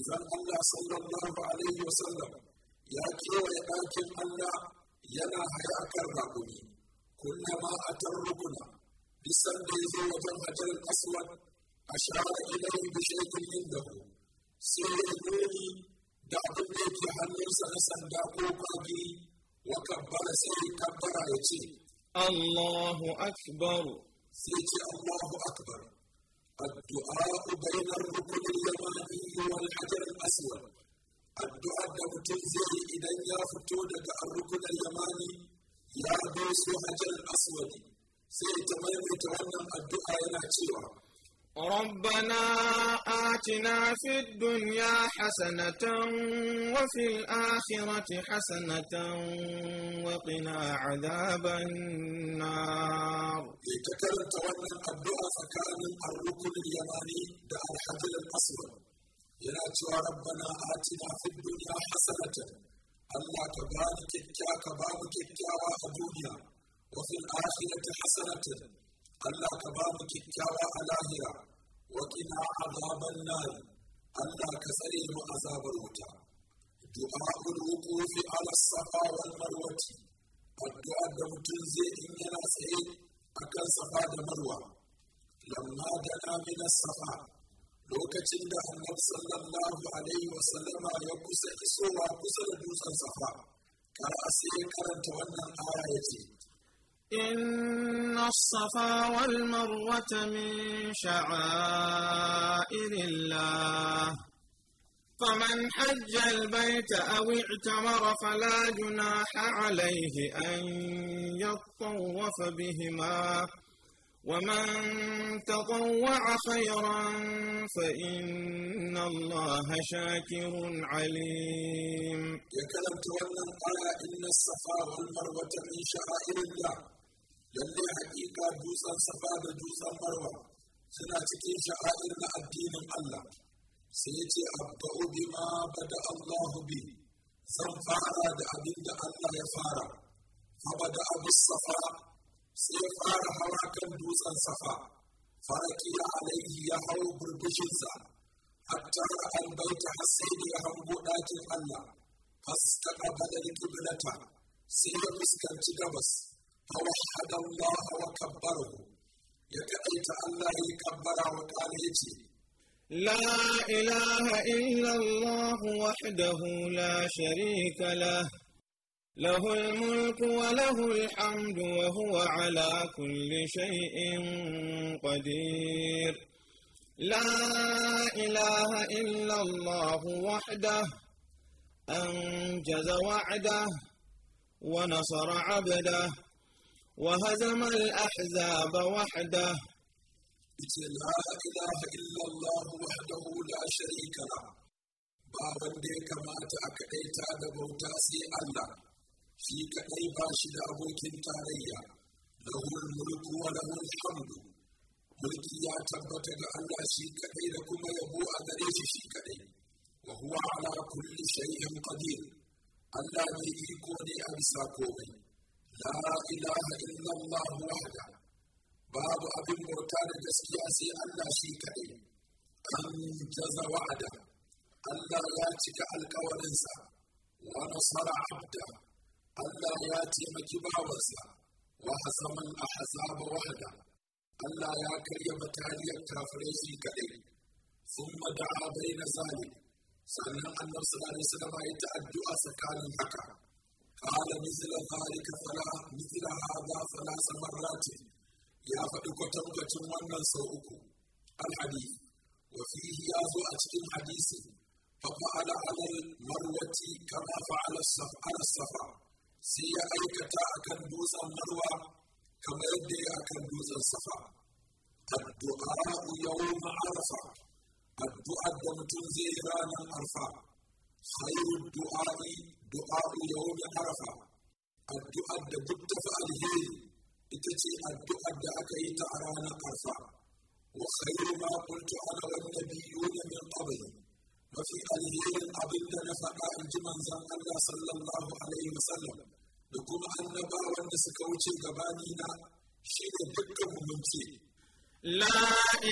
manzon Allah sallallahu alaihi wasallam ya kewaye ɗakin Allah yana hayakar raƙumi kullama a tarrukuna bisan da ya zo wajen hajar aswad a shara ilayin bishaikin indahu sai ya nuni da abin da yake hannunsa na sanda ko kwagi wa kabbara sai kabbara ya ce Allahu akbar sai ce Allahu akbar الدعاء بين الركن اليماني والحجر الأسود الدعاء da mutum zai yi idan ya fito daga arrukun yamani ya doso hajar aswadi sai ta maimaita wannan addu'a yana cewa ربنا آتنا في الدنيا حسنة وفي الآخرة حسنة وقنا عذاب النار يتكرر تولى الدعاء فكان الركن اليماني دع الحجر الأسود يناتوا ربنا آتنا في الدنيا حسنة الله تبارك كيكا كبارك الدنيا وفي الآخرة حسنة Allah ka ba mu kyakkyawa a lahira wa kina azaban nar Allah ka tsare mu azabar wuta du'a'ul wuqufi ala safa wal marwati addu'a da mutum zai in yana tsaye akan safa da marwa lamma dana min safa lokacin da annabi sallallahu alaihi wa sallama ya kusa isowa kusa da dutsen safa kar a sai karanta wannan aya yace إن الصفا والمروة من شعائر الله فمن حج البيت أو اعتمر فلا جناح عليه أن يطوف بهما ومن تطوع خيرا فإن الله شاكر عليم يا كلام تولى إن الصفا والمروة من شعائر الله lalle hakika dutsen safa da dutsen marwa suna cikin sha'air na addinin Allah sai ya ce abda'u bima bada Allah bi zan fara da abin da Allah ya fara fa bada abu safa sai ya fara hawa kan dutsen safa farakiya alaihi ya hau burbushinsa hatta an baita hasidi ya hango ɗakin Allah fastaqa ƙabalar kiblata sai ya fuskanci gabas فوحد الله وكبره يتأيت الله يكبر وقال لا إله إلا الله وحده لا شريك له له الملك وله الحمد وهو على كل شيء قدير لا إله إلا الله وحده أنجز وعده ونصر عبده وهزم الأحزاب وحده لا إله إلا الله وحده لا شريك له بابن دي كما تأكدي تاد بوتاسي الله في كأي باشد أبوك تاريا له الملك وله الحمد ملك يا تبت لأن في كأي لكم يبوء ذريف في كأي وهو على كل شيء قدير الله يكون أبسا كومي لا إله إلا الله وحده باب أبي مرتاد جسياسي ألا شيك أنجز وعده ألا ياتك الكورنسا ونصر عبده ألا ياتي مكباوسا وهزم الأحزاب وحده ألا يا كريم تالي كافريشي كريم ثم دعا بين ذلك سألنا أن النبي صلى الله عليه وسلم يتعدى سكان الحكم قال مثل ذلك فلا مثل هذا ثلاث مرات يا فدك تنبتن wannan sau الحديث وفيه يازو أتكين الحديث ففعل على المروة كما فعل على الصفا سي أيكتا أكن دوزا مروة كما يدي أكن دوزا صفا الدعاء يوم عرفة الدعاء دمتن زيران عرفة خير الدعاء دعاء يوم عرفة الدعاء da duk tafi alheri ita ce addu'ar da aka yi ta a ranar arfa wa khairu ma kuntu ana wan nabiyuna min qabli mafi alherin abin da na faɗa in ji manzon Allah sallallahu alaihi wasallam da kuma annabawan da suka wuce gabani na shi ne dukkan mumunci لا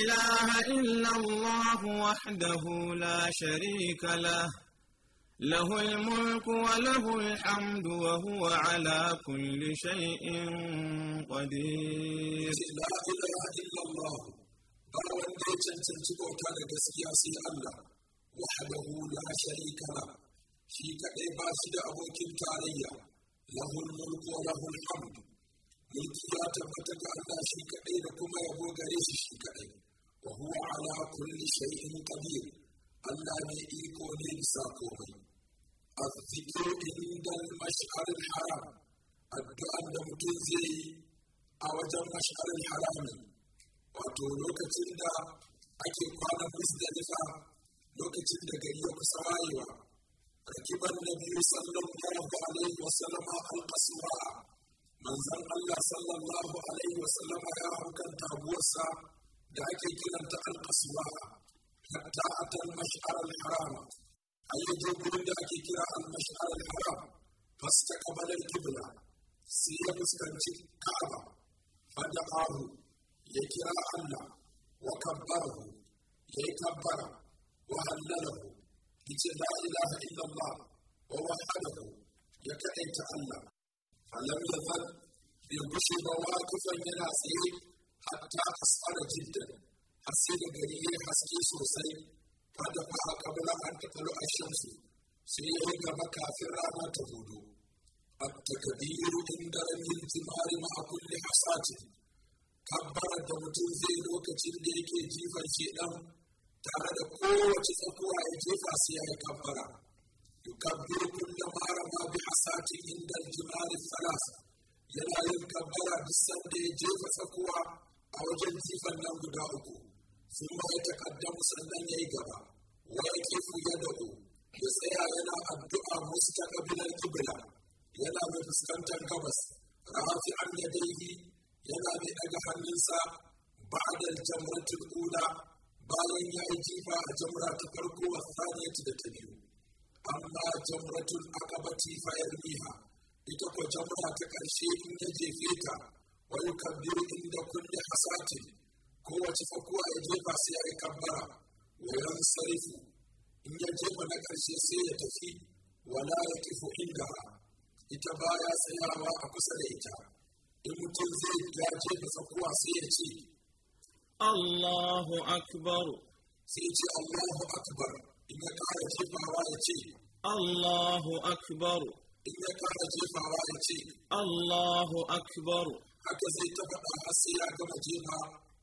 إله إلا الله وحده لا شريك له له الملك وله الحمد وهو على كل شيء قدير لا إله إلا الله بل وديت أن تنتبه كان كسياسي الله وحده لا شريك له في كأيبا سيد أبو كنتاريا له الملك وله الحمد ملك لا تبتك الله في كأيبا كما يبو غريش في كأيبا وهو على كل شيء قدير الله يكون ينسى قومي الذكر عند المشعر الحرام الدعاء المتنزي أو جم مشعر الحرام وتولوك تندى أكي قال مزدلفة لوك تندى قريب سوايوة ركب النبي صلى الله عليه وسلم القصواء من زن الله صلى الله عليه وسلم يا حكم تابوسا دعك كلمة القصواء حتى أتى المشعر الحرام أيجي قرن ذاك كرا المشعر الحرام فاستقبل القبلة سيب استنجد كعبة فدعاه يكرا الله وكبره يكبر وهلله يجي لا إله إلا الله ووحده يكأيت الله فلم يزل يمشي واقفا يناسيه حتى أسفر جدا حسين قريه حسكي سوسي قد باع قبل أن تطلع الشمس سيغنى مكافر ما تهود التكبير عند رمي الثمار مع كل حصاة كبر الدمتين زي لوكة ليك جيفا شيئا تعالى قوة تقوى جيفا سيها كبر يكبر كل ما رمى بحصاة عند الجمال الثلاثة يلا يكبر بالسند جيفا تقوى أو جيفا لم يدعوكم sun ba ya takaddamu sannan ya yi gaba wa ya ke da ku ya tsaya yana addu'a musu ta ƙabilar kibila yana mai fuskantar gabas rafi an da daidai yana mai ɗaga hannunsa ba da jamurar tulkuna bayan ya yi jifa a jamurar ta farko a saniya ta da ta biyu amma jamurar tun aka ba tifa ita ko jamurar ta ƙarshe in ya jefe ta wani kan biyu inda kulle hasatin kowace tsakuwa ya jefa sai ya yi kabbara wairan sarifu in ya jefa na ƙarshe sai ya tafi wala ya kifu inda ita baya tsayawa a kusa da ita in mutum zai ya jefa tsakuwa sai ya ce Allahu akbar sai ya ce Allahu akbar in ya ƙara jefawa ya ce Allahu akbar in ya ƙara jefawa ya ce Allahu akbar haka zai taɓa ɗan asiya gama jefa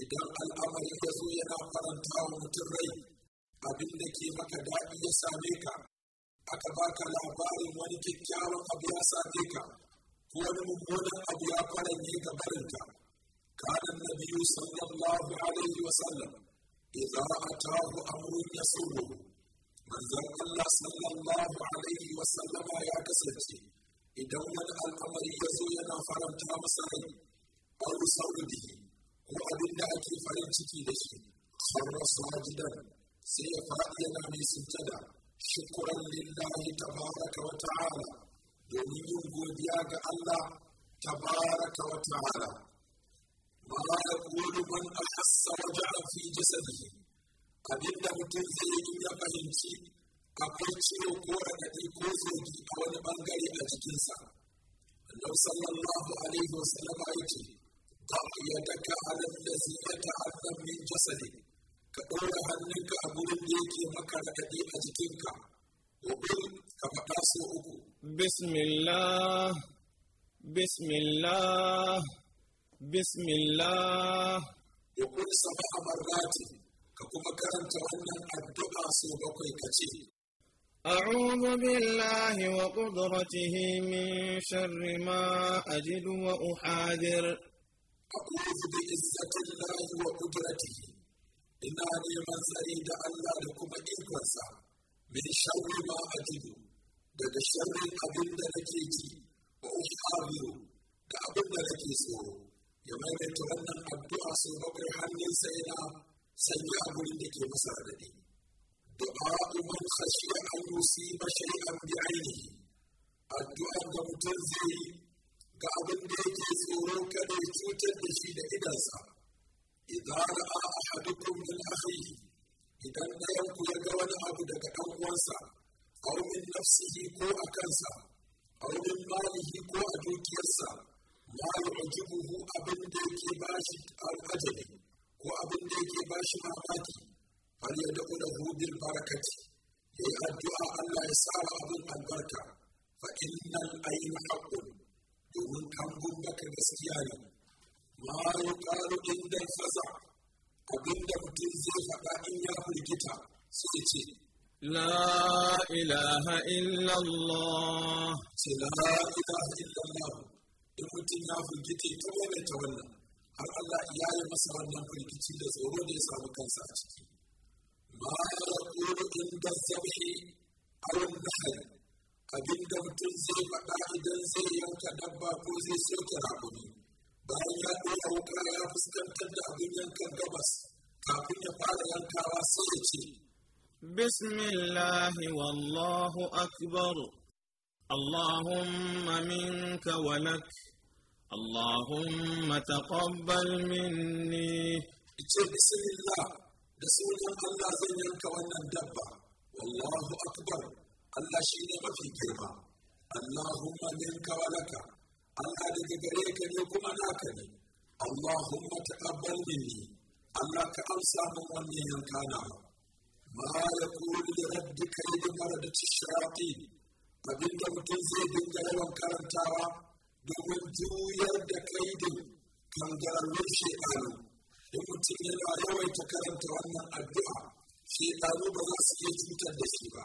idan al'amari ya zo yana faranta wa mutum rai abin da ke maka daɗi ya same ka aka baka labarin wani kyakkyawan abu ya same ka ko wani mummunan abu ya faranye ga barinka كان النبي صلى الله عليه وسلم إذا أتاه أمر يسره من ذا الله صلى الله عليه وسلم يا كسرتي إذا من الأمر يزو ينا فرمتا مسرين أو سرده ko abin da ake farin ciki da shi harra sajidan sai ya faɗi yana mai sujjada shukuran lillahi tabaraka wa ta'ala domin yin godiya ga Allah tabaraka wa ta'ala ma yaqulu man ahassa waja'a fi jasadihi abin da mutum zai yi ya fahimci akwai ciwo ko raɗaɗi ko zogi a wani bangare a jikinsa. Allah sallallahu alaihi wa sallam ya ce يدك على الذي من جسدك كأولى هنك ليك مكان أجتنك وقل كما بسم الله بسم الله بسم الله يقول سبع مرات كما كانت أن الدعاء سوبك كثير أعوذ بالله وقدرته من شر ما أجد وأحاذر أقول بعزة الله وقدرته إنا نيمان سعيد الله لكم إيقونسا من شر ما أجد daga sharrin abin da nake ji wa uhabiru da abin da nake tsoro ya maimaita wannan addu'a sau bakwai hannun sai na sanya abin da ke masa radadi du'a man khashiya an yusiba shay'an bi ainihi addu'a da mutum zai yi ga abin da yake tsoron kada ya cutar da shi da idansa idan ra'a ahadukum min akhihi idan ɗayan ku ya ga wani abu daga ɗan uwansa aw min nafsihi ko a kansa aw min malihi ko a dukiyarsa ma yu'jibuhu abin da yake bashi al'ajabi ko abin da yake bashi mamaki fal yad'u lahu bil barakati yayi addu'a Allah ya sa abin albarka fa innal ayna haqqun domin an gumbaka gaskiya ne ma ya ƙaru inda fasa abinda mutum zai faɗa in ya firgita sai ce لا إله إلا الله لا إله إلا الله in mutum ya firgita ta wani ta wannan har Allah ya yi masa wannan firgici da tsoro da ya samu kansa a ciki ma ya ƙoro in da zabi a wannan abinda mutum zai faɗa idan zai yanka dabba ko zai soke rakumi bayan ya ɗora wuka ya fuskantar da abin yankan gabas kafin ya fara yankawa sai ya ce bismillahi wallahu akbar اللهم منك ولك اللهم تقبل مني بسم الله da sunan Allah zan yanka wannan dabba wallahu akbar Allah shi ne mafi girma Allahumma minka wa laka Allah daga gare ka ne kuma naka ne Allahumma taqabbal minni Allah ka amsa min wannan yanka na ma yaqulu li rabbika idh maradat ash-shayatin abinda mutum zai dinga yawan karantawa domin juyar da kaidin kangararrun shekaru in mutum yana yawaita karanta wannan addu'a shekaru ba za su iya cutar da shi ba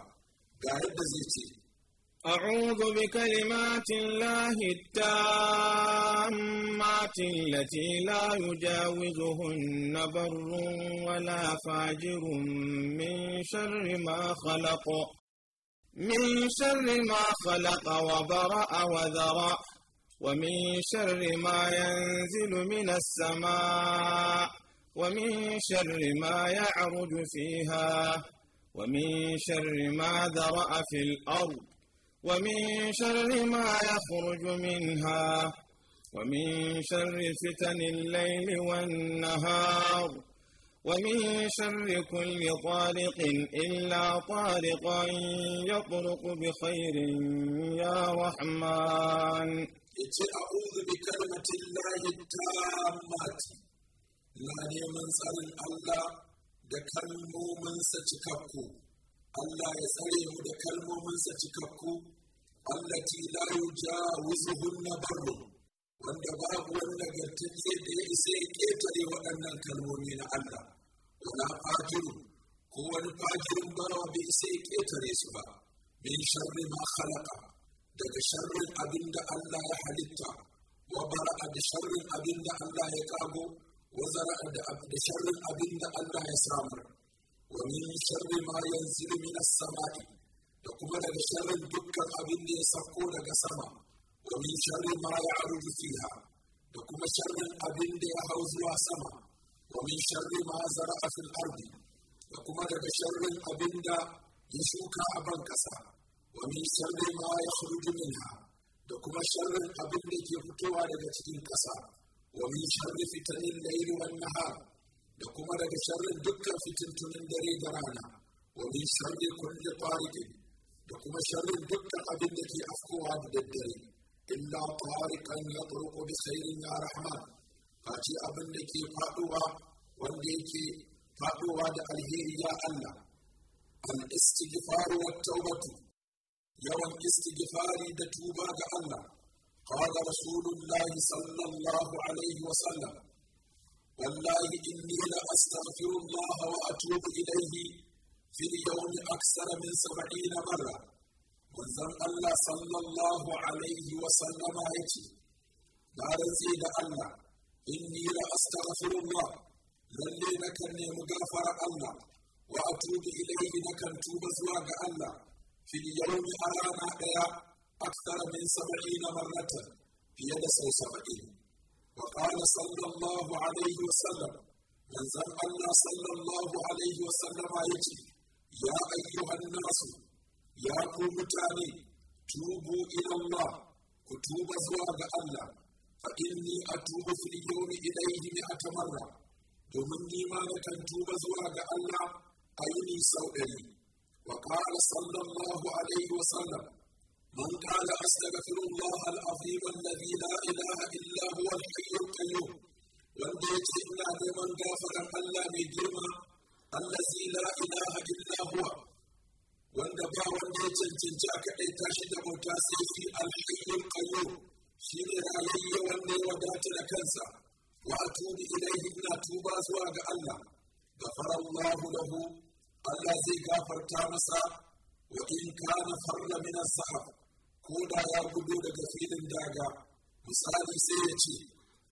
أعوذ بكلمات الله التامات التي لا يجاوزهن بر ولا فاجر من شر ما خلق من شر ما خلق وبرأ وذرى ومن شر ما ينزل من السماء ومن شر ما يعرج فيها ومن شر ما ذرأ في الأرض ومن شر ما يخرج منها ومن شر فتن الليل والنهار ومن شر كل طارق إلا طارقا يطرق بخير يا رحمن أعوذ بكلمة الله التامة لا نعم من الله da kalmominsa cikakku Allah ya tsare mu da kalmominsa cikakku allati la yujawizuhunna barrun wanda babu wani nagartacce da ya isa ya ketare waɗannan kalmomi na Allah wala fajiru ko wani fajirin barawa bai isa ya ketare su ba min sharri ma khalaqa daga sharrin abin da Allah ya halitta wa bara'a da sharrin abin da Allah ya kago وزرع بشر الأبد الله يسامر ومن شر ما ينزل من السماء تقبل بشر دك الأبد يسقون قسما ومن شر ما يعرج فيها تقوم شر الأبد يهوز واسما ومن شر ما زرع في الأرض تقوم بشر الأبد يشوك أبا كسا ومن شر ما يخرج منها تقوم شر الأبد يبتوى لجتك كسا ومن شر فتن الليل والنهار لكم رد شر دكر فتن تنن دري درانا ومن شر كل طارق لكم شر دكر أبن لكي أفكو عبد الدري إلا طارقا يطرق بخير يا رحمن فاتي أبن لكي فاتوا وانديكي فاتوا دا الهير يا الله الاستغفار والتوبة يوم استغفاري دا توبة الله قال رسول الله صلى الله عليه وسلم والله اني لاستغفر الله واتوب اليه في اليوم اكثر من سبعين مره وزن الله صلى الله عليه وسلم عليه لا زيد الله اني لاستغفر الله للي نكني مغفر الله واتوب اليه نكن توب زواج الله في اليوم ارانا اياه أكثر من سبعين مرة في يد سو سبعين وقال صلى الله عليه وسلم من زم صلى الله عليه وسلم يجي يا أيها الناس يا قومتاني توبوا إلى الله كتوب زواج الله فإني أتوب في اليوم إليه مئة مرة domin nima na kan tuba zuwa ga Allah a yini sau ɗari. Wa ƙara sallallahu alaihi من قال استغفر الله العظيم الذي لا اله الا هو الحي القيوم والبيت الا بمن غافر الا بجرم الذي لا اله الا هو وند والبيت انديت الجنجاك اي تاشد في الحي القيوم شير علي وني ودات لكنسا واتوب اليه ابن توبا ازواج الله غفر الله له الذي كافر تامسا وان كان فر من الصحابه ko da ya gudu daga filin daga misali sai ya ce